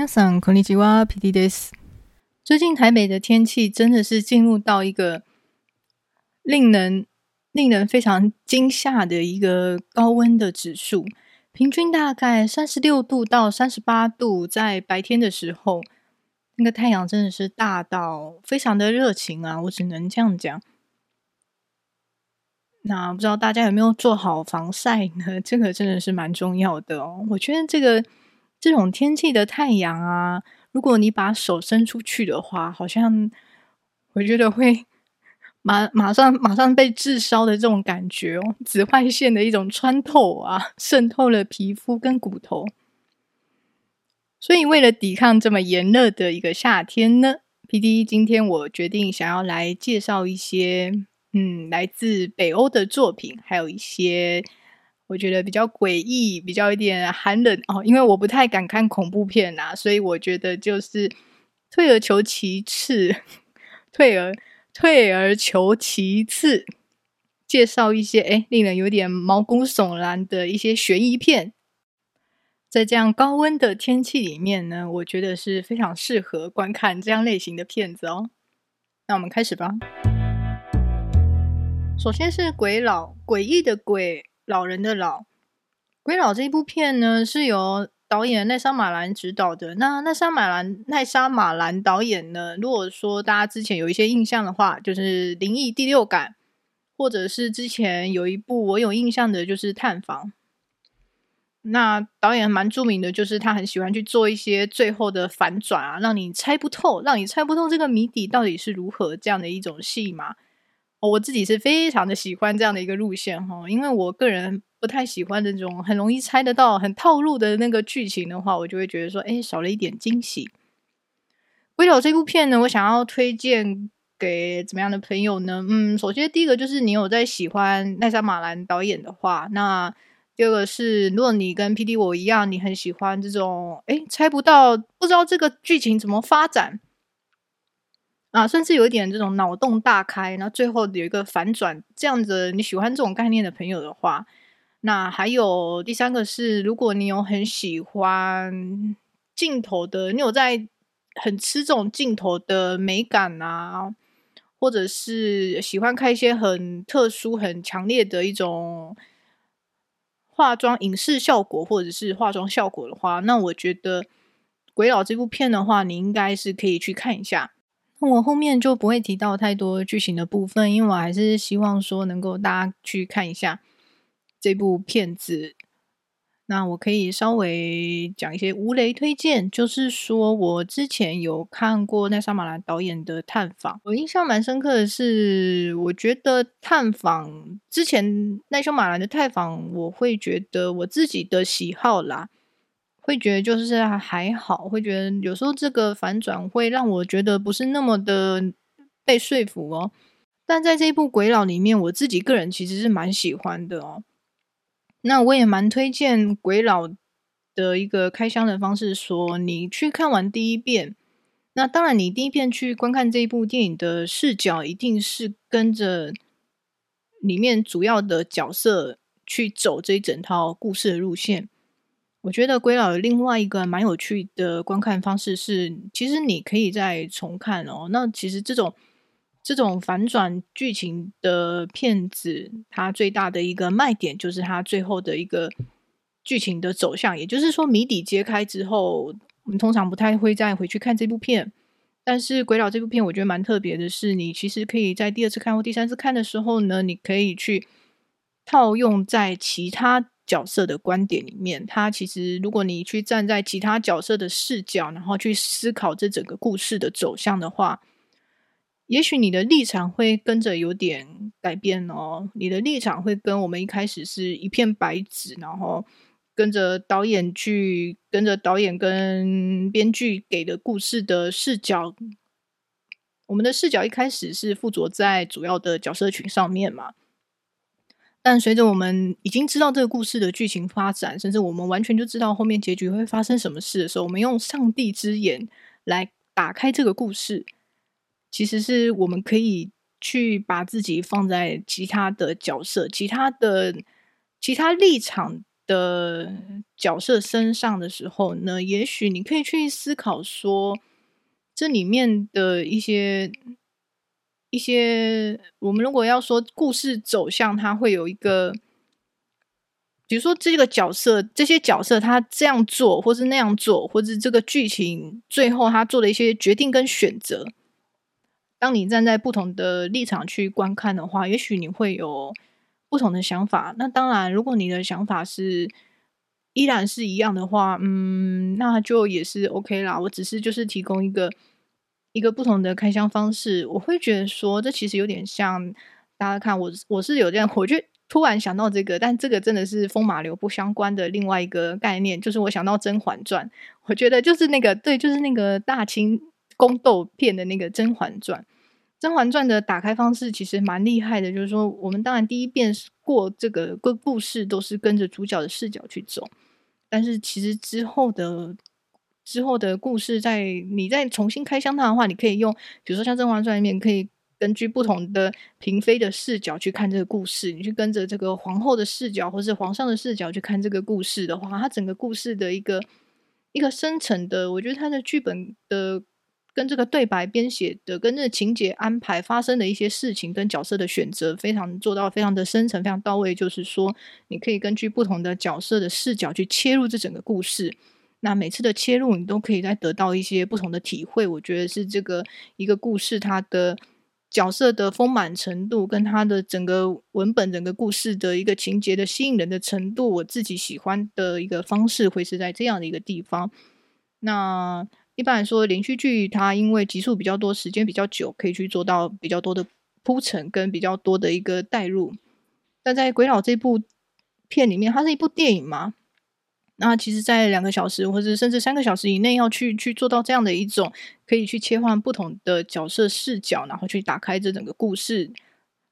皆さん、こんにちは、PD です。最近台北的天氣真的是進入到一個令人令人非常驚嚇的一個高溫的指數。平均大概三十六度到三十八度，在白天的時候，那個太陽真的是大到非常的熱情啊！我只能這樣講。那不知道大家有沒有做好防曬呢？這個真的是蠻重要的哦。我覺得這個。這種天氣的太陽啊，如果你把手伸出去的話，好像我覺得會馬馬上馬上被炙燒的這種感覺哦，紫外線的一種穿透啊，滲透了皮膚跟骨頭。所以為了抵抗這麼炎熱的一個夏天呢，P.D. 今天我決定想要來介紹一些嗯，來自北歐的作品，還有一些。我覺得比較詭異，比較有點寒冷哦，因為我不太敢看恐怖片吶、啊，所以我覺得就是退而求其次，退而退而求其次，介紹一些誒令人有點毛骨悚然的一些懸疑片，在這樣高溫的天氣裡面呢，我覺得是非常適合觀看這樣類型的片子哦。那我們開始吧，首先是詭老，詭異的詭。老人的老，詭老這一部片呢，是由導演奈沙馬蘭執導的。那奈沙馬蘭奈沙馬蘭導演呢，如果說大家之前有一些印象的話，就是《靈異第六感》，或者是之前有一部我有印象的，就是《探訪》。那導演蠻著名的，就是他很喜歡去做一些最後的反轉啊，讓你猜不透，讓你猜不透這個謎底到底是如何這樣的一種戲碼。我自己是非常的喜歡這樣的一個路線哈，因為我個人不太喜歡這種很容易猜得到、很套路的那個劇情的話，我就會覺得說，哎，少了一點驚喜。《詭老》這部片呢，我想要推薦給怎麼樣的朋友呢？嗯，首先第一個就是你有在喜歡奈沙馬蘭導演的話，那第二個是如果你跟 PD 我一樣，你很喜歡這種，哎，猜不到，不知道這個劇情怎麼發展。啊，甚至有一點這種腦洞大開，然後最後有一個反轉，這樣子你喜歡這種概念的朋友的話，那還有第三個是，如果你有很喜歡鏡頭的，你有在很吃這種鏡頭的美感啊，或者是喜歡看一些很特殊、很強烈的一種化妝影視效果，或者是化妝效果的話，那我覺得《詭老》這部片的話，你應該是可以去看一下。我後面就不會提到太多劇情的部分，因為我還是希望說能夠大家去看一下這部片子。那我可以稍微講一些無雷推薦，就是說我之前有看過奈沙馬蘭導演的探訪，我印象蠻深刻的是，我覺得探訪之前奈沙馬蘭的探訪，我會覺得我自己的喜好啦。會覺得就是還好，會覺得有時候這個反轉會讓我覺得不是那麼的被說服哦。但在這一部《詭老》裡面，我自己個人其實是蠻喜歡的哦。那我也蠻推薦《詭老》的一個開箱的方式說，說你去看完第一遍。那當然，你第一遍去觀看這一部電影的視角，一定是跟着裡面主要的角色去走這一整套故事的路線。我覺得詭老有另外一個蠻有趣的觀看方式是，其實你可以再重看哦。那其實這種這種反轉劇情的片子，它最大的一個賣點就是它最後的一個劇情的走向，也就是說謎底揭開之後，我們通常不太會再回去看這部片。但是詭老這部片，我覺得蠻特別的是，你其實可以在第二次看或第三次看的時候呢，你可以去套用在其他。角色的觀點裡面，他其實如果你去站在其他角色的視角，然後去思考這整個故事的走向的話，也許你的立場會跟着有點改變哦。你的立場會跟我們一開始是一片白紙，然後跟着導演去，跟着導演跟編劇給的故事的視角。我們的視角一開始是附着在主要的角色群上面嘛。但隨着我們已經知道這個故事的劇情發展，甚至我們完全就知道後面結局會發生什麼事的時候，我們用上帝之眼來打開這個故事，其實是我們可以去把自己放在其他的角色、其他的其他立場的角色身上的時候呢，也許你可以去思考說，這裡面的一些。一些，我們如果要說故事走向，他會有一個，比如說這個角色，這些角色他這樣做，或是那樣做，或者是這個劇情最後他做了一些決定跟選擇。當你站在不同的立場去觀看的話，也許你會有不同的想法。那當然，如果你的想法是依然是一樣的話，嗯，那就也是 OK 啦。我只是就是提供一個。一個不同的開箱方式，我會覺得說，這其實有點像大家看我，我是有這樣，我就突然想到這個，但這個真的是風馬牛不相關的另外一個概念，就是我想到《甄嬛傳》，我覺得就是那個對，就是那個大清宮鬥片的那個甄嬛傳《甄嬛傳》。《甄嬛傳》的打開方式其實蠻厲害的，就是說我們當然第一遍過這個個故事都是跟着主角的視角去走，但是其實之後的。之後的故事再，再你再重新開箱它的話，你可以用，比如說像《甄嬛傳》裡面，你可以根據不同的嬪妃的視角去看這個故事，你去跟着這個皇後的視角，或是皇上的視角去看這個故事的話，它整個故事的一個一個深層的，我覺得它的劇本的跟這個對白編寫的跟這個情節安排發生的一些事情跟角色的選擇，非常做到非常的深層，非常到位。就是說，你可以根據不同的角色的視角去切入這整個故事。那每次的切入，你都可以再得到一些不同的體會。我覺得是這個一個故事，它的角色的豐滿程度，跟它的整個文本、整個故事的一個情節的吸引人的程度，我自己喜歡的一個方式會是在這樣的一個地方。那一般來說，連續劇它因為集數比較多，時間比較久，可以去做到比較多的鋪陳跟比較多的一個帶入。但在《詭老》這部片裡面，它是一部電影嗎？那其實，在兩個小時或者甚至三個小時以內，要去去做到這樣的一種，可以去切換不同的角色視角，然後去打開這整個故事，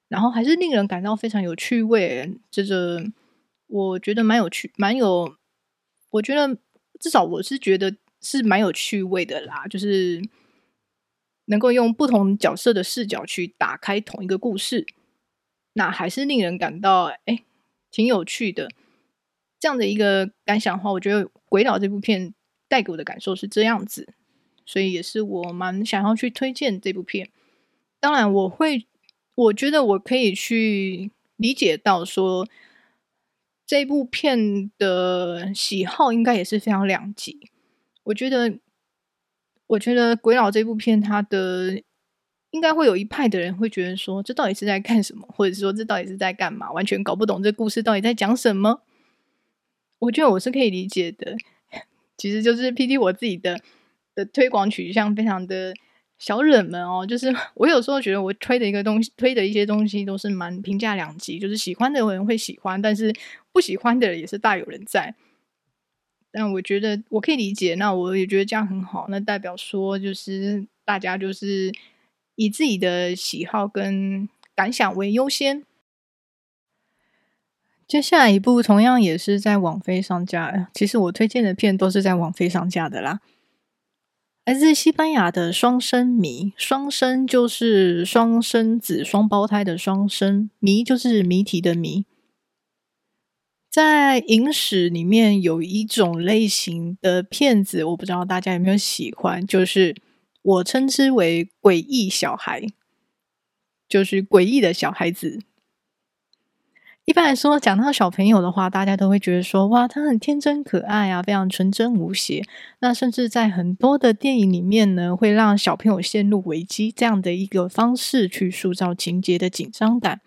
然後還是令人感到非常有趣味，欸。這個我覺得蠻有趣，蠻有，我覺得至少我是覺得是蠻有趣味的啦。就是能夠用不同角色的視角去打開同一個故事，那還是令人感到哎、欸，挺有趣的。這樣的一個感想的話，我覺得《詭老》這部片帶給我的感受是這樣子，所以也是我蠻想要去推薦這部片。當然，我會，我覺得我可以去理解到說，這部片的喜好應該也是非常兩極。我覺得，我覺得《詭老》這部片，它的應該會有一派的人會覺得說，這到底是在幹什麼，或者是說這到底是在幹嘛，完全搞不懂這故事到底在講什麼？我覺得我是可以理解的，其實就是 PD 我自己的的推廣取向非常的小冷門哦，就是我有時候覺得我推的一個東西，推的一些東西都是蠻評價兩極，就是喜歡的人會喜歡，但是不喜歡的人也是大有人在。但我覺得我可以理解，那我也覺得這樣很好，那代表說就是大家就是以自己的喜好跟感想為優先。接下來一部同樣也是在網飛上架，其實我推薦的片都是在網飛上架的啦。來自西班牙的《雙生謎》，雙生就是雙生子、雙胞胎的雙生，謎就是謎題的謎。在影史裡面有一種類型的片子，我不知道大家有沒有喜歡，就是我稱之為詭異小孩，就是詭異的小孩子。一般來說，講到小朋友的話，大家都會覺得說，哇，他很天真可愛啊，非常純真無邪。那甚至在很多的電影裡面呢，會讓小朋友陷入危機這樣的一個方式去塑造情節的緊張感。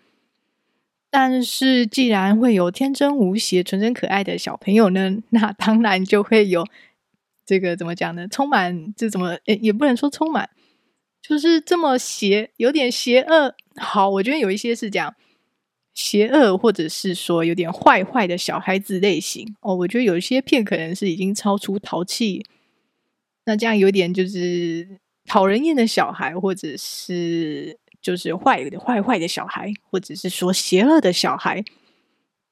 但是，既然會有天真無邪、純真可愛的小朋友呢，那當然就會有這個怎麼講呢？充滿，這怎麼，誒，也不能說充滿，就是這麼邪，有點邪惡。好，我覺得有一些是這樣。邪惡，或者是說有點壞壞的小孩子類型哦，我覺得有些片可能是已經超出淘氣，那這樣有點就是討人厭的小孩，或者是就是壞有點壞壞的小孩，或者是說邪惡的小孩，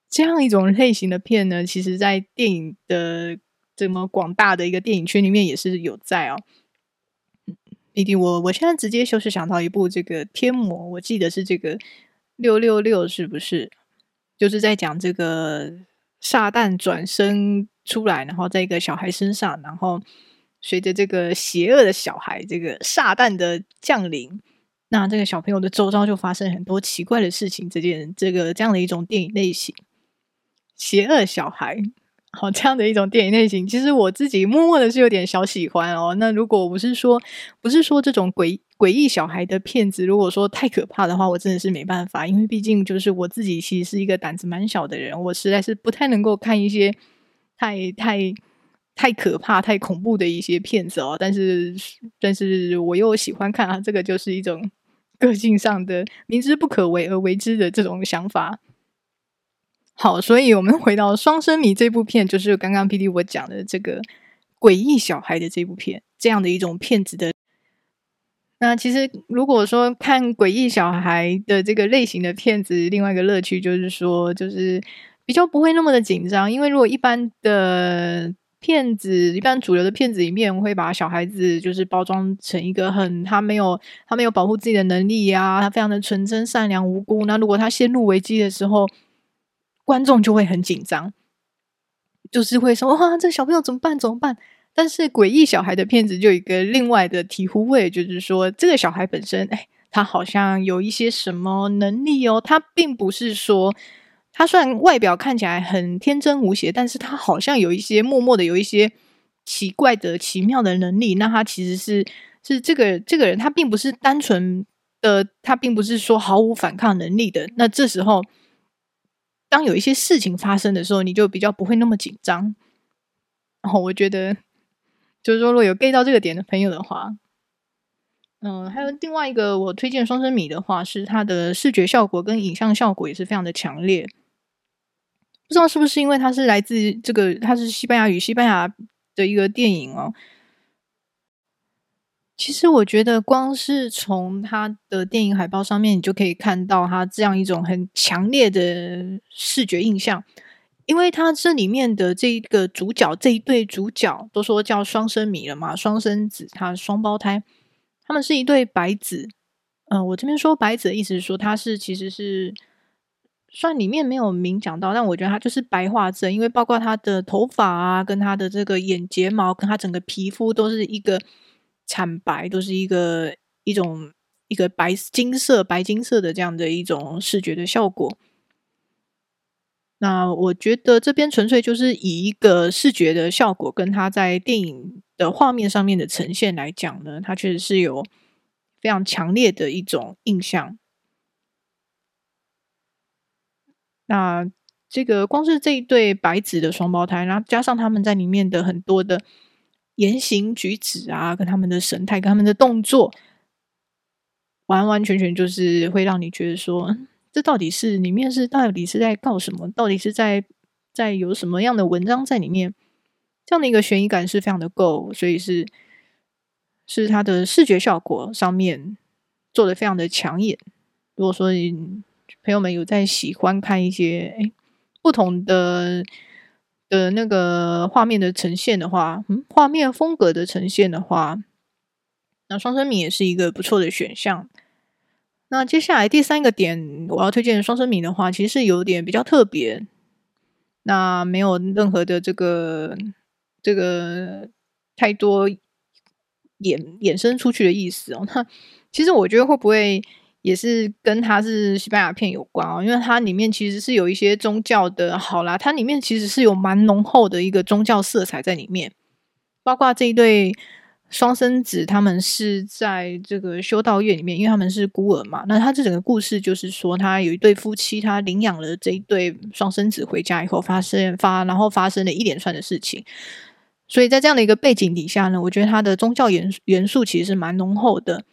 這樣一種類型的片呢，其實在電影的這麼廣大的一個電影圈裡面也是有在哦。嗯，一定我，我我現在直接就是想到一部這個《天魔》，我記得是這個。六六六是不是就是在講這個撒旦轉身出來，然後在一個小孩身上，然後隨着這個邪惡的小孩，這個撒旦的降臨，那這個小朋友的周遭就發生很多奇怪的事情。這件這個這樣的一種電影類型，邪惡小孩，好、哦、這樣的一種電影類型，其實我自己默默的是有點小喜歡哦。那如果不是說，不是說這種鬼。詭異小孩的片子，如果說太可怕的話，我真的是沒辦法，因為畢竟就是我自己其實是一個膽子蠻小的人，我實在是不太能夠看一些太太太可怕、太恐怖的一些片子哦。但是，但是我又喜歡看啊，這個就是一種個性上的明知不可為而為之的這種想法。好，所以我們回到《雙生謎》這部片，就是剛剛 P D 我講的這個詭異小孩的這部片，這樣的一種片子的。那其實，如果說看詭異小孩的這個類型的片子，另外一個樂趣就是說，就是比較不會那麼的緊張。因為如果一般的片子，一般主流的片子裡面，會把小孩子就是包裝成一個很他沒有他沒有保護自己的能力呀，啊，他非常的純真、善良、無辜。那如果他陷入危機的時候，觀眾就會很緊張，就是會說哇，這小朋友怎麼辦？怎麼辦？但是詭異小孩的片子就有一個另外的體會，就是說，這個小孩本身，哎，他好像有一些什麼能力哦。他並不是說，他雖然外表看起來很天真無邪，但是他好像有一些默默的有一些奇怪的、奇妙的能力。那他其實是是這個這個人，他並不是單純的，他並不是說毫無反抗能力的。那這時候，當有一些事情發生的時候，你就比較不會那麼緊張。然後我覺得。就是說，若有 get 到這個點的朋友的話，嗯，還有另外一個我推薦《雙生謎》的話，是它的視覺效果跟影像效果也是非常的強烈。不知道是不是因為它是來自這個，它是西班牙語西班牙的一個電影哦。其實我覺得，光是從它的電影海報上面，你就可以看到它這樣一種很強烈的視覺印象。因為他這裡面的這個主角這一對主角都說叫雙生謎了嘛，雙生子，他雙胞胎，他們是一對白子。嗯、呃，我這邊說白子的意思是說他是其實是雖然裡面沒有明講到，但我覺得他就是白化症，因為包括他的頭髮啊，跟他的這個眼睫毛，跟他整個皮膚都是一個慘白，都是一個一種一個白金色白金色的這樣的一種視覺的效果。那我覺得這邊純粹就是以一個視覺的效果跟他在電影的畫面上面的呈現來講呢，它確實是有非常強烈的一種印象。那這個光是這一對白子的雙胞胎，然後加上他們在裡面的很多的言行舉止啊，跟他們的神態，跟他們的動作，完完全全就是會讓你覺得說。這到底是裡面是到底是在告什麼？到底是在在有什麼樣的文章在裡面？這樣的一個懸疑感是非常的夠，所以是是它的視覺效果上面做的非常的搶眼。如果說你朋友們有在喜歡看一些誒不同的的那個畫面的呈現的話，嗯，畫面風格的呈現的話，那《雙生謎》也是一個不錯的選項。那接下來第三個點，我要推薦《雙生謎》的話，其實是有點比較特別，那沒有任何的這個這個太多衍衍生出去的意思哦。那其實我覺得會不會也是跟它是西班牙片有關哦？因為它裡面其實是有一些宗教的，好啦，它裡面其實是有蠻濃厚的一個宗教色彩在裡面，包括這一對。雙生子他們是在這個修道院裡面，因為他們是孤兒嘛。那他這整個故事就是說，他有一對夫妻，他領養了這一對雙生子回家以後發生發，然後發生了一連串的事情。所以在這樣的一個背景底下呢，我覺得他的宗教元元素其實是蠻濃厚的。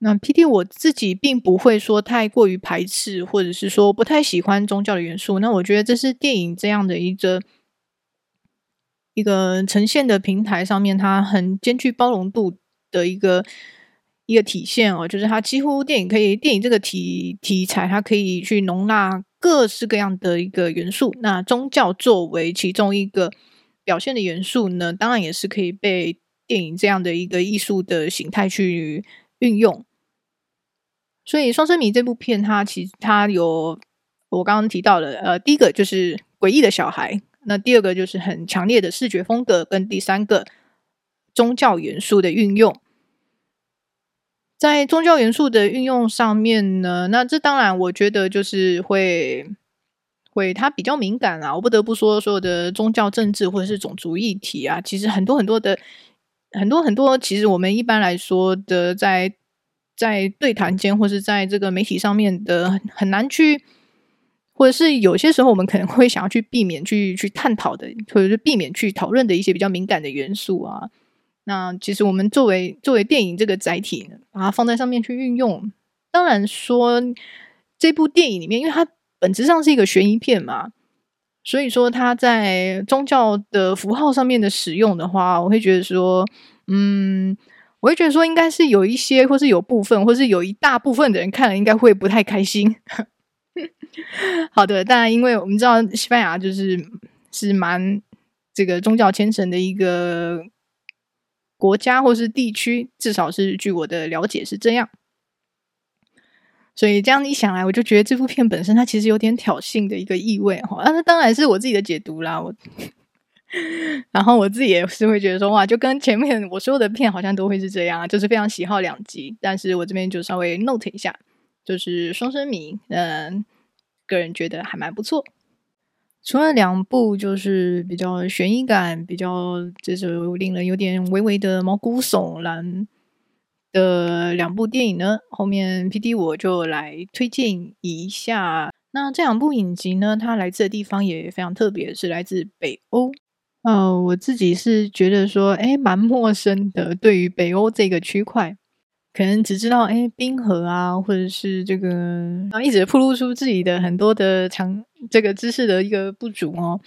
那 PD 我自己並不會說太過於排斥，或者是說不太喜歡宗教的元素。那我覺得這是電影這樣的一個。一個呈現的平台上面，它很兼具包容度的一個一個體現哦，就是它幾乎電影可以電影這個題題材，它可以去容納各式各樣的一個元素。那宗教作為其中一個表現的元素呢，當然也是可以被電影這樣的一個藝術的形態去運用。所以，《雙生謎》這部片它，它其實它有我剛剛提到的，呃，第一個就是詭異的小孩。那第二個就是很強烈的視覺風格，跟第三個宗教元素的運用。在宗教元素的運用上面呢，那這當然我覺得就是會會它比較敏感啊，我不得不說，所有的宗教、政治或者是種族議題啊，其實很多很多的，很多很多，其實我們一般來說的，在在對談間或是在這個媒體上面的，很難去。或者是有些時候我們可能會想要去避免去去探討的，或者是避免去討論的一些比較敏感的元素啊。那其實我們作為作為電影這個載體，把它放在上面去運用，當然說這部電影裡面，因為它本質上是一個懸疑片嘛，所以說它在宗教的符號上面的使用的話，我會覺得說，嗯，我會覺得說應該是有一些，或是有部分，或是有一大部分的人看了，應該會不太開心。 好的，但因為我們知道西班牙就是是蠻這個宗教虔誠的一個國家或是地區，至少是據我的了解是這樣。所以這樣一想來，我就覺得這部片本身它其實有點挑釁的一個意味哈，但是當然是我自己的解讀啦。我 然後我自己也是會覺得說哇，就跟前面我所有的片好像都會是這樣啊，就是非常喜好兩極。但是我這邊就稍微 note 一下。就是雙生謎，嗯，個人覺得還蠻不錯。除了兩部就是比較懸疑感、比較就是令人有點微微的毛骨悚然的兩部電影呢，後面 PD 我就來推薦一下。那這兩部影集呢，它來自的地方也非常特別，是來自北歐。哦、呃、我自己是覺得說，哎，蠻陌生的，對於北歐這個區塊。可能只知道哎，冰河啊，或者是這個，然後一直暴露出自己的很多的強這個知識的一個不足哦。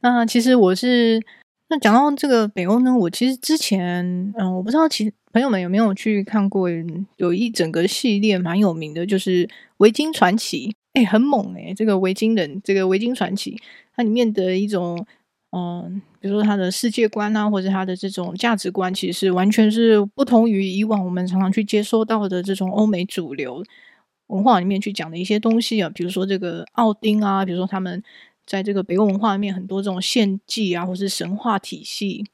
那其實我是，那講到這個北歐呢，我其實之前，嗯，我不知道其，其實朋友們有沒有去看過，有一整個系列蠻有名的，就是《維京傳奇》，哎，很猛哎，這個維京人，這個《維京傳奇》，它裡面的一種。嗯，比如說他的世界觀啊，或者他的這種價值觀，其實完全是不同於以往我們常常去接收到的這種歐美主流文化裡面去講的一些東西啊。比如說這個奧丁啊，比如說他們在這個北歐文化裡面很多這種獻祭啊，或者是神話體系，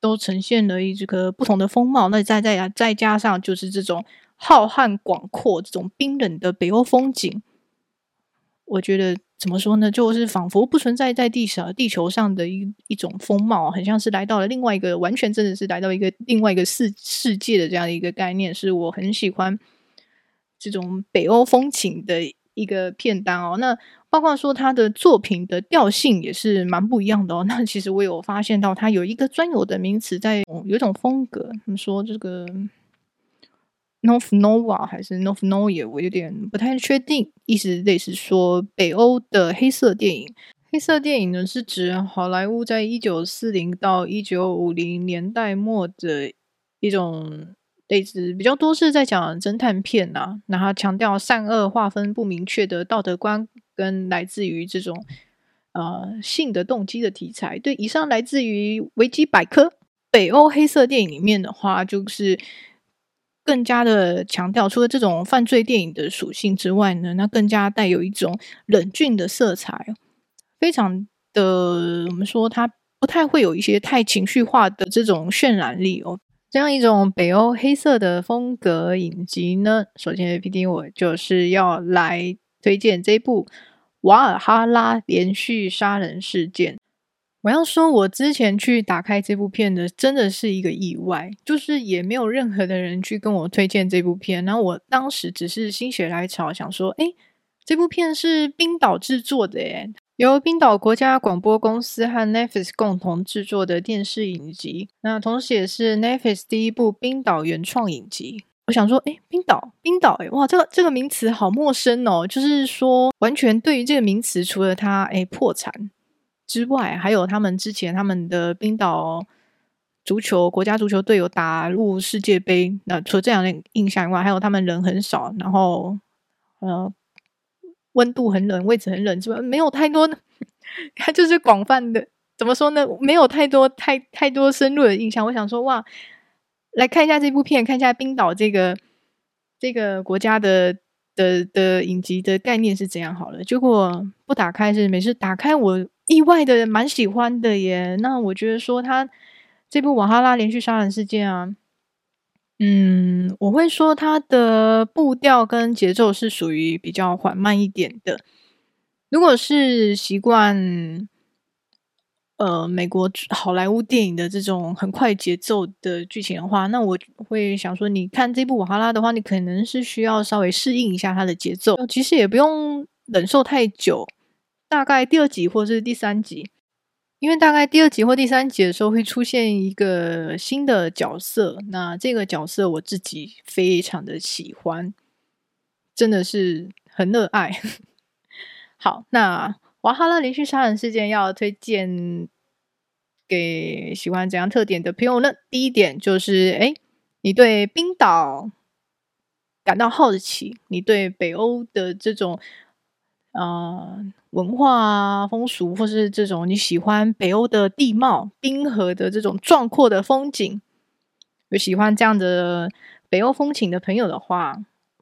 都呈現了一這個不同的風貌。那再再再加上就是這種浩瀚廣闊、這種冰冷的北歐風景，我覺得。怎麼說呢？就是仿佛不存在在地球地球上的一一種風貌、哦，很像是來到了另外一個，完全真的是來到一個另外一個世世界的這樣的一個概念，是我很喜歡這種北歐風情的一個片單哦。那包括說他的作品的調性也是蠻不一樣的哦。那其實我有發現到，他有一個專有的名詞在，在有一種風格，你說這個。n o f n o a 還是 n o v t n o y a 我有點不太確定。意思類似說北歐的黑色電影，黑色電影呢是指好萊塢在一九四零到一九五零年代末的一種類似比較多是在講偵探片吶、啊，然後強調善惡劃分不明確的道德觀，跟來自於這種呃性的動機的題材。對，以上來自於維基百科。北歐黑色電影裡面的話，就是。更加的強調，除了這種犯罪電影的屬性之外呢，那更加帶有一種冷峻的色彩，非常的，我們說它不太會有一些太情緒化的這種渲染力哦。這樣一種北歐黑色的風格影集呢，首先 PD 我就是要來推薦這一部《瓦爾哈拉連續殺人事件》。我要說，我之前去打開這部片的，真的是一個意外，就是也沒有任何的人去跟我推薦這部片。然後我當時只是心血來潮，想說，哎，這部片是冰島製作的，誒由冰島國家廣播公司和 Netflix 共同製作的電視影集，那同時也是 Netflix 第一部冰島原創影集。我想說，哎，冰島，冰島，哎，哇，這個這個名詞好陌生哦，就是說，完全對於這個名詞，除了它，哎，破產。之外，還有他們之前他們的冰島足球國家足球隊有打入世界杯。那除了這樣的印象以外，還有他們人很少，然後呃溫度很冷，位置很冷，什麼沒有太多，呵呵它就是廣泛的。怎麼說呢？沒有太多太太多深入的印象。我想說哇，來看一下這部片，看一下冰島這個這個國家的的的影集的概念是怎樣。好了，結果不打開是沒事，每次打開我。意外的蠻喜歡的耶，那我覺得說他這部《瓦哈拉連續殺人事件》啊，嗯，我會說它的步調跟節奏是屬於比較緩慢一點的。如果是習慣呃美國好萊塢電影的這種很快節奏的劇情的話，那我會想說，你看這部《瓦哈拉》的話，你可能是需要稍微適應一下它的節奏，其實也不用忍受太久。大概第二集或是第三集，因為大概第二集或第三集的時候會出現一個新的角色，那這個角色我自己非常的喜歡，真的是很熱愛。 好，那瓦哈拉連續殺人事件要推薦給喜歡怎樣特點的朋友呢？第一點就是，誒，你對冰島感到好奇，你對北歐的這種。啊、呃，文化、啊、風俗，或是這種你喜歡北歐的地貌、冰河的這種壯闊的風景，有喜歡這樣的北歐風情的朋友的話，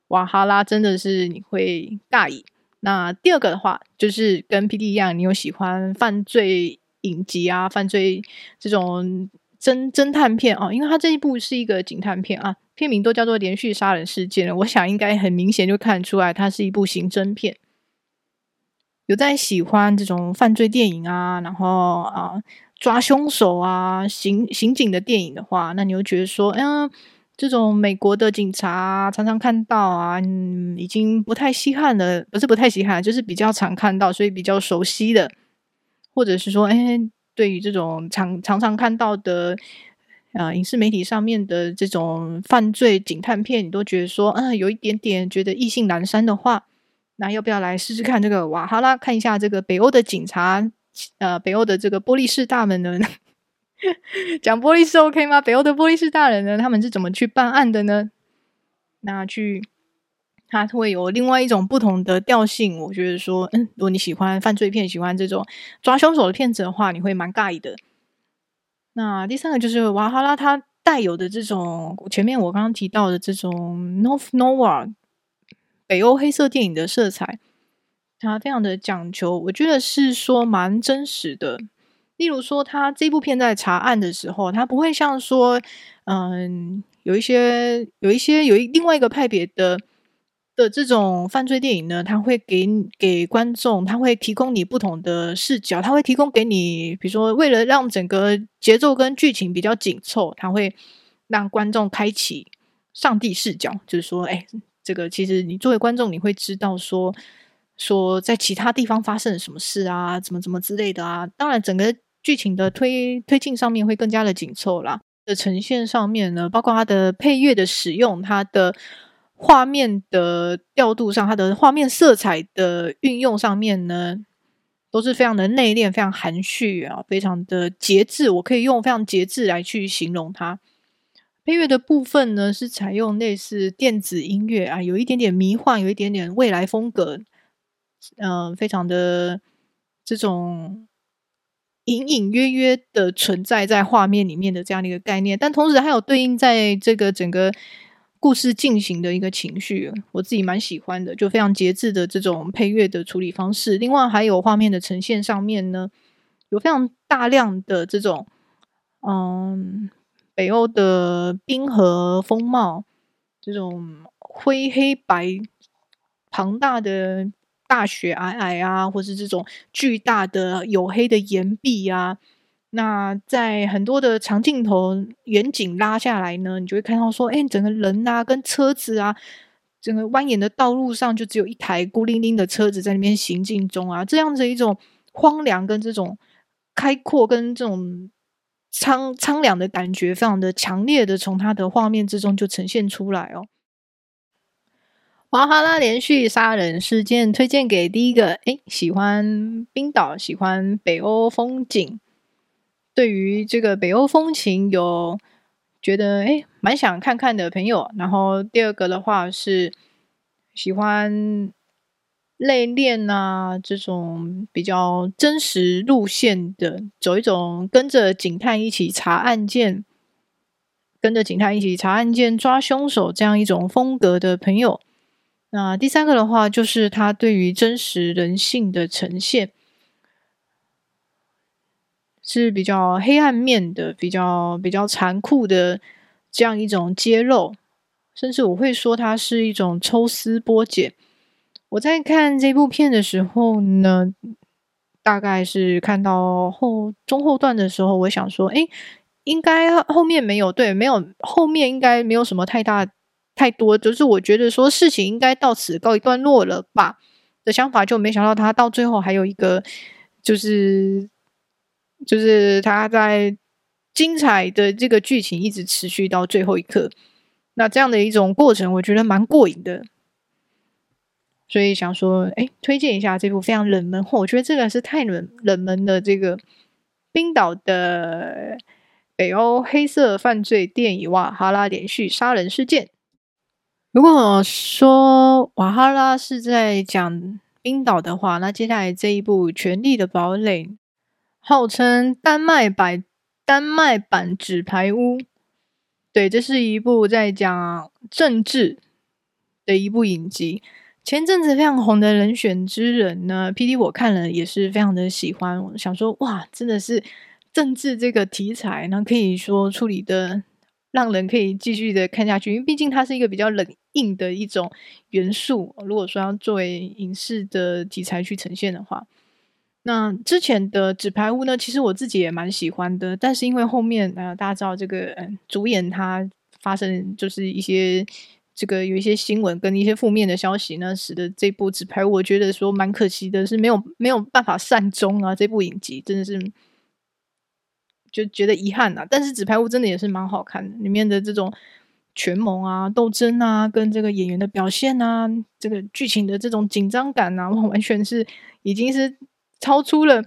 瓦哈拉真的是你會大意。那第二個的話，就是跟 PD 一樣，你有喜歡犯罪影集啊、犯罪這種偵偵探片啊，因為它這一部是一個警探片啊，片名都叫做連續殺人事件了，我想應該很明顯就看出來它是一部刑偵片。有在喜歡這種犯罪電影啊，然後啊抓兇手啊、刑刑警的電影的話，那你又覺得說，嗯、哎呃，這種美國的警察常常看到啊、嗯，已經不太稀罕了，不是不太稀罕，就是比較常看到，所以比較熟悉的，或者是說，哎，對於這種常常常看到的啊影視媒體上面的這種犯罪警探片，你都覺得說，嗯、啊，有一點點覺得意興闌珊的話。那要不要來試試看這個瓦哈拉？看一下這個北歐的警察，呃，北歐的這個波麗士大人呢？ 講波麗士 OK 嗎？北歐的波麗士大人呢？他們是怎麼去辦案的呢？那去，它會有另外一種不同的調性。我覺得說，嗯，如果你喜歡犯罪片，喜歡這種抓凶手的片子的話，你會蠻尬意的。那第三個就是瓦哈拉，它帶有的這種前面我剛剛提到的這種 Nordic Noir 北歐黑色電影的色彩，他非常的講求，我覺得是說蠻真實的。例如說，他這部片在查案的時候，他不會像說，嗯，有一些有一些有一另外一個派別的的這種犯罪電影呢，他會給給觀眾，他會提供你不同的視角，他會提供給你，比如說，為了讓整個節奏跟劇情比較緊湊，他會讓觀眾開啟上帝視角，就是說，誒、欸這個其實你作為觀眾，你會知道說說在其他地方發生了什麼事啊，怎麼怎麼之類的啊。當然，整個劇情的推推進上面會更加的緊湊啦。的呈現上面呢，包括它的配樂的使用，它的畫面的調度上，它的畫面色彩的運用上面呢，都是非常的內斂、非常含蓄啊，非常的節制。我可以用非常節制來去形容它。配樂的部分呢，是採用類似電子音樂啊，有一點點迷幻，有一點點未來風格，嗯、呃，非常的這種隱隱約約的存在在畫面裡面的這樣的一個概念。但同時，還有對應在這個整個故事進行的一個情緒，我自己蠻喜歡的，就非常節制的這種配樂的處理方式。另外，還有畫面的呈現上面呢，有非常大量的這種，嗯。北歐的冰河風貌，這種灰黑白、龐大的大雪皚皚啊，或是這種巨大的黝黑的岩壁啊，那在很多的長鏡頭遠景拉下來呢，你就會看到說，哎，整個人啊，跟車子啊，整個蜿蜒的道路上就只有一台孤零零的車子在那邊行進中啊，這樣子一種荒涼跟這種開闊跟這種。蒼蒼涼的感覺，非常的強烈的，從他的畫面之中就呈現出來哦。瓦爾哈拉連續殺人事件推薦給第一個，誒、欸、喜歡冰島，喜歡北歐風景，對於這個北歐風情有覺得誒蠻、欸、想看看的朋友。然後第二個的話是喜歡。內斂啊，這種比較真實路線的，走一種跟着警探一起查案件，跟着警探一起查案件抓兇手這樣一種風格的朋友。那第三個的話，就是他對於真實人性的呈現是比較黑暗面的，比較比較殘酷的這樣一種揭露，甚至我會說，它是一種抽絲剝繭。我在看這部片的時候呢，大概是看到後，中後段的時候，我想說，哎，應該後面沒有，對，沒有，後面應該沒有什麼太大太多，就是我覺得說事情應該到此告一段落了吧的想法，就沒想到他到最後還有一個，就是，就是他在精彩的這個劇情一直持續到最後一刻，那這樣的一種過程，我覺得蠻過癮的。所以想說，誒，推薦一下這部非常冷門，我覺得這個是太冷冷門的。這個冰島的北歐黑色犯罪電影《瓦爾哈拉》連續殺人事件。如果說瓦爾哈拉是在講冰島的話，那接下來這一部《權力的堡壘》，號稱丹麥版丹麥版紙牌屋。對，這是一部在講政治的一部影集。前陣子非常紅的《人選之人》呢，PD 我看了也是非常的喜歡，我想說哇，真的是政治這個題材呢，可以說處理得讓人可以繼續的看下去，因為畢竟它是一個比較冷硬的一種元素。如果說要作為影視的題材去呈現的話，那之前的《紙牌屋》呢，其實我自己也蠻喜歡的，但是因為後面，呃，大家知道這個主演他發生就是一些。這個有一些新聞跟一些負面的消息呢，使得這部《紙牌屋》我覺得說蠻可惜的，是沒有沒有辦法善終啊。這部影集真的是就覺得遺憾啊，但是《紙牌屋》真的也是蠻好看的，裡面的這種權謀啊、鬥爭啊，跟這個演員的表現啊，這個劇情的這種緊張感啊，完全是已經是超出了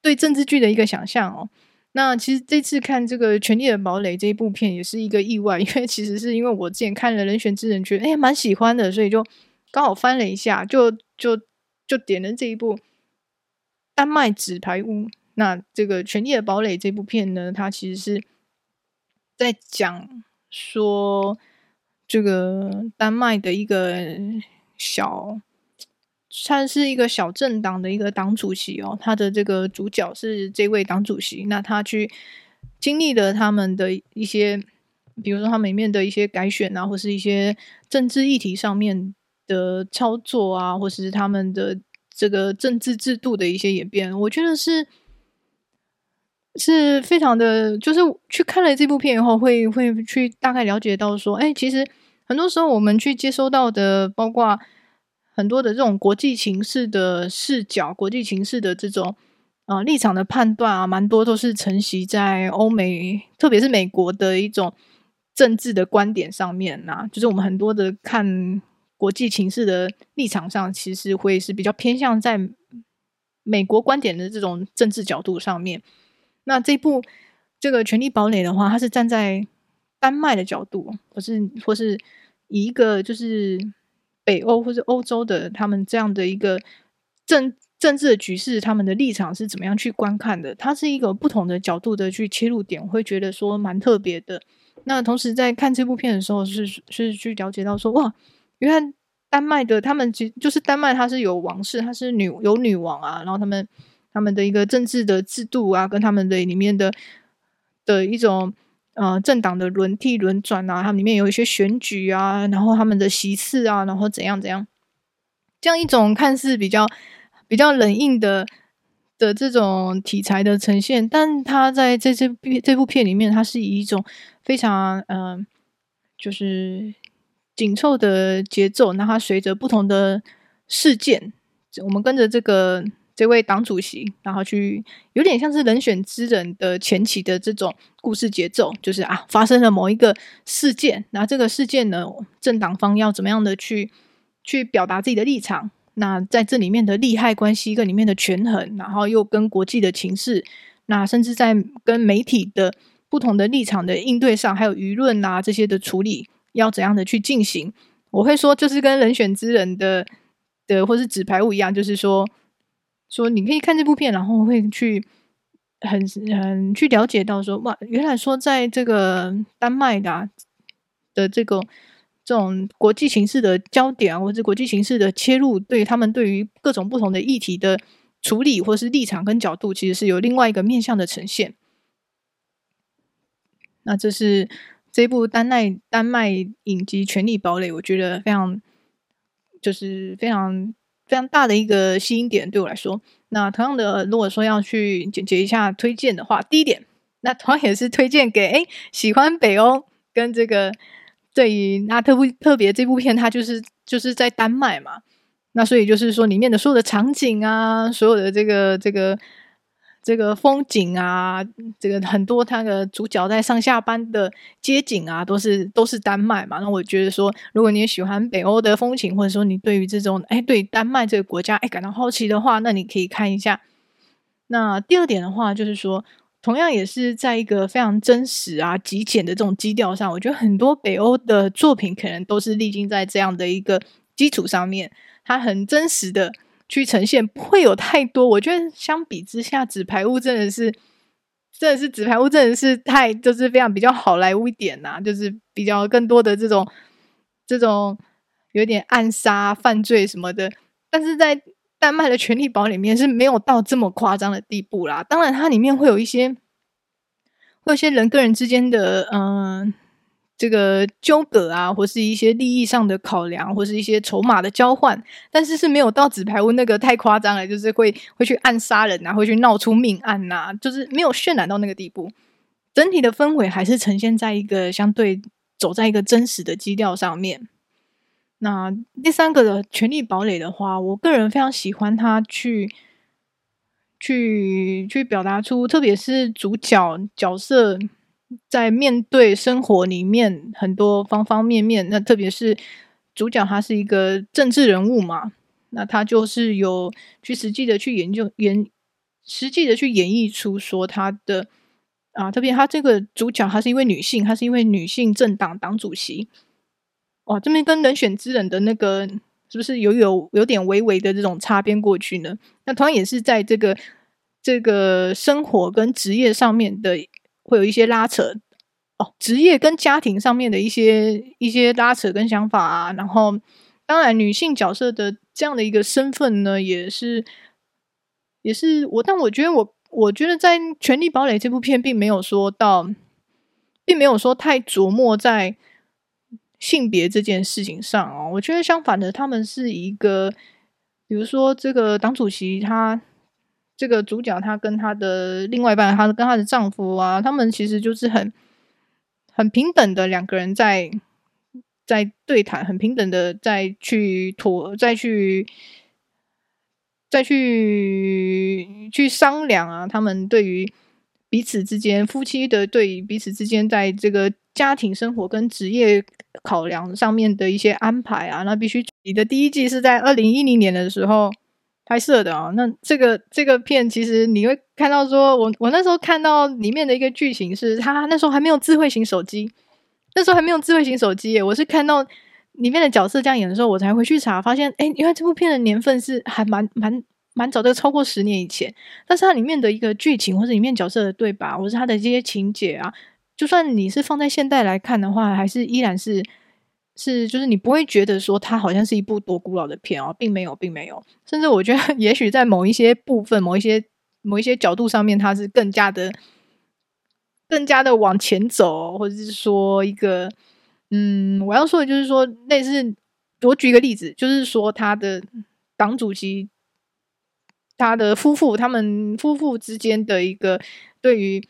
對政治劇的一個想象哦。那其實這次看這個《權力的堡壘》這一部片也是一個意外，因為其實是因為我之前看了《人選之人》覺得哎，蠻喜歡的，所以就剛好翻了一下，就就就點了這一部丹麥紙牌屋。那這個《權力的堡壘》這部片呢，它其實是在講說這個丹麥的一個小，算是一個小政黨的一個黨主席哦，他的這個主角是這位黨主席。那他去經歷的他們的一些，比如說他們裡面的一些改選啊，或是一些政治議題上面的操作啊，或者是他們的這個政治制度的一些演變，我覺得是是非常的。就是去看了這部片以後會，會會去大概了解到說，哎，其實很多時候我們去接收到的，包括。很多的這種國際情勢的視角、國際情勢的這種啊、呃、立場的判斷啊，蠻多都是承襲在歐美，特別是美國的一種政治的觀點上面吶、啊。就是我們很多的看國際情勢的立場上，其實是會是比較偏向在美國觀點的這種政治角度上面。那這一部這個《權力堡壘》的話，它是站在丹麥的角度，或是或是以一個就是。北歐或者歐洲的他們這樣的一個政政治的局勢，他們的立場是怎麼樣去觀看的？它是一個不同的角度的去切入點，我會覺得說蠻特別的。那同時在看這部片的時候，是是去了解到說，哇，你看丹麥的他們，就就是丹麥，它是有王室，它是女有女王啊，然後他們他們的一個政治的制度啊，跟他們的裡面的的一種。呃，政黨的輪替輪轉啊，他們裡面有一些選舉啊，然後他們的席次啊，然後怎樣怎樣，這樣一種看似比較比較冷硬的的這種題材的呈現，但它在這這部這部片裡面，它是以一種非常呃，就是緊湊的節奏，然後隨着不同的事件，我們跟着這個。這位黨主席，然後去有點像是人選之人的前期的這種故事節奏，就是啊，發生了某一個事件，那這個事件呢，政黨方要怎麼樣的去去表達自己的立場？那在這裡面的利害關係跟裡面的權衡，然後又跟國際的情勢，那甚至在跟媒體的不同的立場的應對上，還有輿論啊這些的處理，要怎樣的去進行？我會說，就是跟人選之人的的或是紙牌屋一樣，就是說。說你可以看這部片，然後會去很很去了解到說哇，原來說在這個丹麥的、啊、的這個這種國際形勢的焦點啊，或者是國際形勢的切入，對他們對於各種不同的議題的處理，或是立場跟角度，其實是有另外一個面向的呈現。那這是這部丹麥丹麥影集《權力堡壘》，我覺得非常就是非常。非常大的一個吸引點對我來說。那同樣的，如果說要去總結一下推薦的話，第一點，那同樣也是推薦給哎喜歡北歐跟這個。對於那特不特別這部片，它就是就是在丹麥嘛，那所以就是說裡面的所有的場景啊，所有的這個這個。這個風景啊，這個很多它的主角在上下班的街景啊，都是都是丹麥嘛。那我覺得說，如果你也喜歡北歐的風情，或者說你對於這種哎對丹麥這個國家哎感到好奇的話，那你可以看一下。那第二點的話，就是說，同樣也是在一個非常真實啊、極簡的這種基調上，我覺得很多北歐的作品可能都是歷經在這樣的一個基礎上面，它很真實的，去呈現不會有太多，我覺得相比之下，《紙牌屋》真的是，真的是《紙牌屋》真的是太就是非常比較好萊塢一點吶、啊，就是比較更多的這種這種有點暗殺犯罪什麼的，但是在丹麥的《權利寶》裡面是沒有到這麼誇張的地步啦。當然，它裡面會有一些會有一些人跟人之間的嗯。呃這個糾葛啊，或是一些利益上的考量，或是一些籌碼的交換，但是是沒有到紙牌屋那個太誇張了，就是會會去暗殺人吶、啊，會去鬧出命案吶、啊，就是沒有渲染到那個地步。整體的氛圍還是呈現在一個相對走在一個真實的基調上面。那第三個的權力堡壘的話，我個人非常喜歡他去去去表達出，特別是主角角色。在面對生活裡面很多方方面面，那特別是主角他是一個政治人物嘛，那他就是有去實際的去研究演，實際的去演繹出說他的啊，特別他這個主角他是一位女性，她是一位女性政黨黨主席，哇，這邊跟人選之人的那個是不是有有有點微微的這種擦邊過去呢？那同樣也是在這個這個生活跟職業上面的。會有一些拉扯哦，職業跟家庭上面的一些一些拉扯跟想法啊，然後當然女性角色的這樣的一個身份呢，也是也是我，但我覺得我我覺得在《權力堡壘》這部片並沒有說到，並沒有說太琢磨在性別這件事情上哦，我覺得相反的，他們是一個，比如說這個黨主席他。這個主角，她跟她的另外一半，她跟她的丈夫啊，他們其實就是很很平等的兩個人在，在在對談，很平等的在去妥再去再去去商量啊。他們對於彼此之間夫妻的對於彼此之間在這個家庭生活跟職業考量上面的一些安排啊，那必須，你的第一季是在二零一零年的時候拍攝的啊，那這個這個片其實你會看到說，說我我那時候看到裡面的一個劇情是，他那時候還沒有智慧型手機，那時候還沒有智慧型手機。我是看到裡面的角色這樣演的時候，我才回去查，發現哎，原、欸、來這部片的年份是還蠻蠻蠻早的，這個超過十年以前。但是它裡面的一個劇情或者裡面角色的對白，或是它的這些情節啊，就算你是放在現代來看的話，還是依然是。是，就是你不會覺得說它好像是一部多古老的片哦，並沒有，並沒有。甚至我覺得，也許在某一些部分、某一些、某一些角度上面，它是更加的、更加的往前走，或者是說一個……嗯，我要說的就是說，類似我舉一個例子，就是說他的黨主席，他的夫婦，他們夫婦之間的一個對於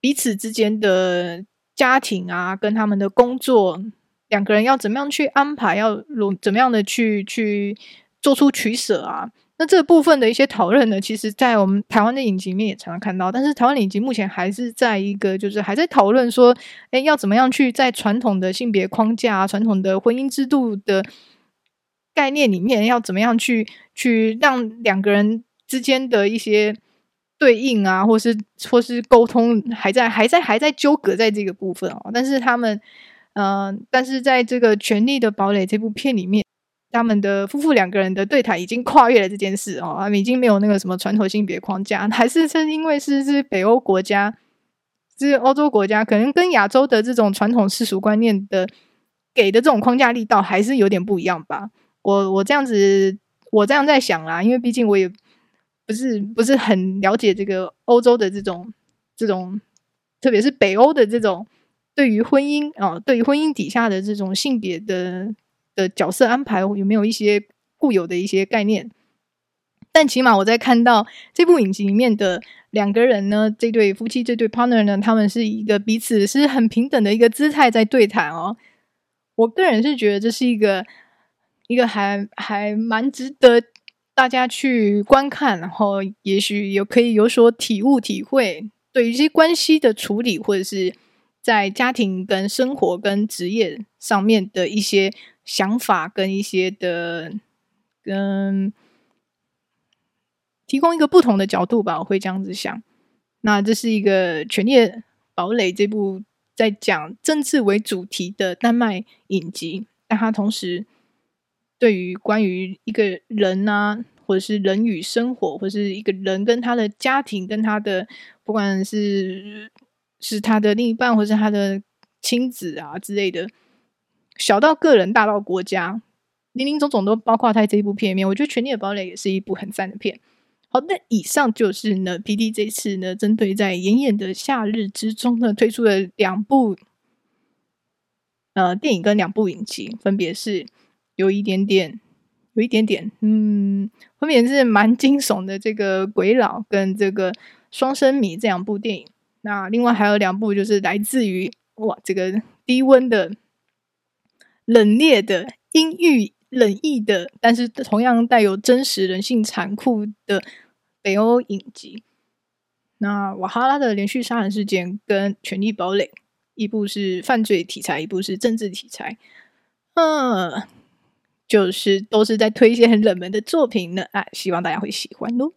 彼此之間的家庭啊，跟他們的工作。兩個人要怎麼樣去安排，要如怎麼樣的去去做出取捨啊？那這部分的一些討論呢，其實在我們台灣的影集裡面也常常看到。但是台灣的影集目前還是在一個，就是還在討論說，哎，要怎麼樣去在傳統的性別框架啊、傳統的婚姻制度的概念裡面，要怎麼樣去去讓兩個人之間的一些對應啊，或是或是溝通還，還在還在還在糾葛在這個部分哦、啊。但是他們。嗯、呃，但是在這個《權力的堡壘》這部片裡面，他們的夫婦兩個人的對談已經跨越了這件事哦，他們已經沒有那個什麼傳統性別框架，還是是因為是是北歐國家，是歐洲國家，可能跟亞洲的這種傳統世俗觀念的給的這種框架力道還是有點不一樣吧。我我這樣子，我這樣在想啦、啊，因為畢竟我也不是不是很了解這個歐洲的這種這種，特別是北歐的這種。對於婚姻啊、哦，對於婚姻底下的這種性別的的角色安排，有沒有一些固有的一些概念？但起碼我在看到這部影集裡面的兩個人呢，這對夫妻、這對 partner 呢，他們是一個彼此是很平等的一個姿態在對談哦。我個人是覺得這是一個一個還還蠻值得大家去觀看，然後也許有可以有所體悟、體會，對於一些關係的處理或者是。在家庭，跟生活，跟職業上面的一些想法，跟一些的，嗯，提供一個不同的角度吧，我會這樣子想。那這是一個權力堡壘這部在講政治為主題的丹麥影集，但它同時對於關於一個人啊，或者是人與生活，或者是一個人跟他的家庭，跟他的不管是。是他的另一半，或是他的親子啊之類的，小到個人，大到國家，林林總總都包括他這一部片裡面。我覺得《權力的堡壘》也是一部很讚的片。好，那以上就是呢，P. D. 這次呢，針對在炎炎的夏日之中呢，推出的兩部呃電影跟兩部影集，分別是有一點點，有一點點，嗯，分別是蠻驚悚的這個《詭老》跟這個《雙生謎》這兩部電影。那另外還有兩部，就是來自於哇這個低溫的冷冽的陰鬱冷意的，但是同樣帶有真實人性殘酷的北歐影集。那瓦哈拉的連續殺人事件跟權力堡壘，一部是犯罪題材，一部是政治題材。嗯，就是都是在推一些很冷門的作品呢，啊，希望大家會喜歡哦。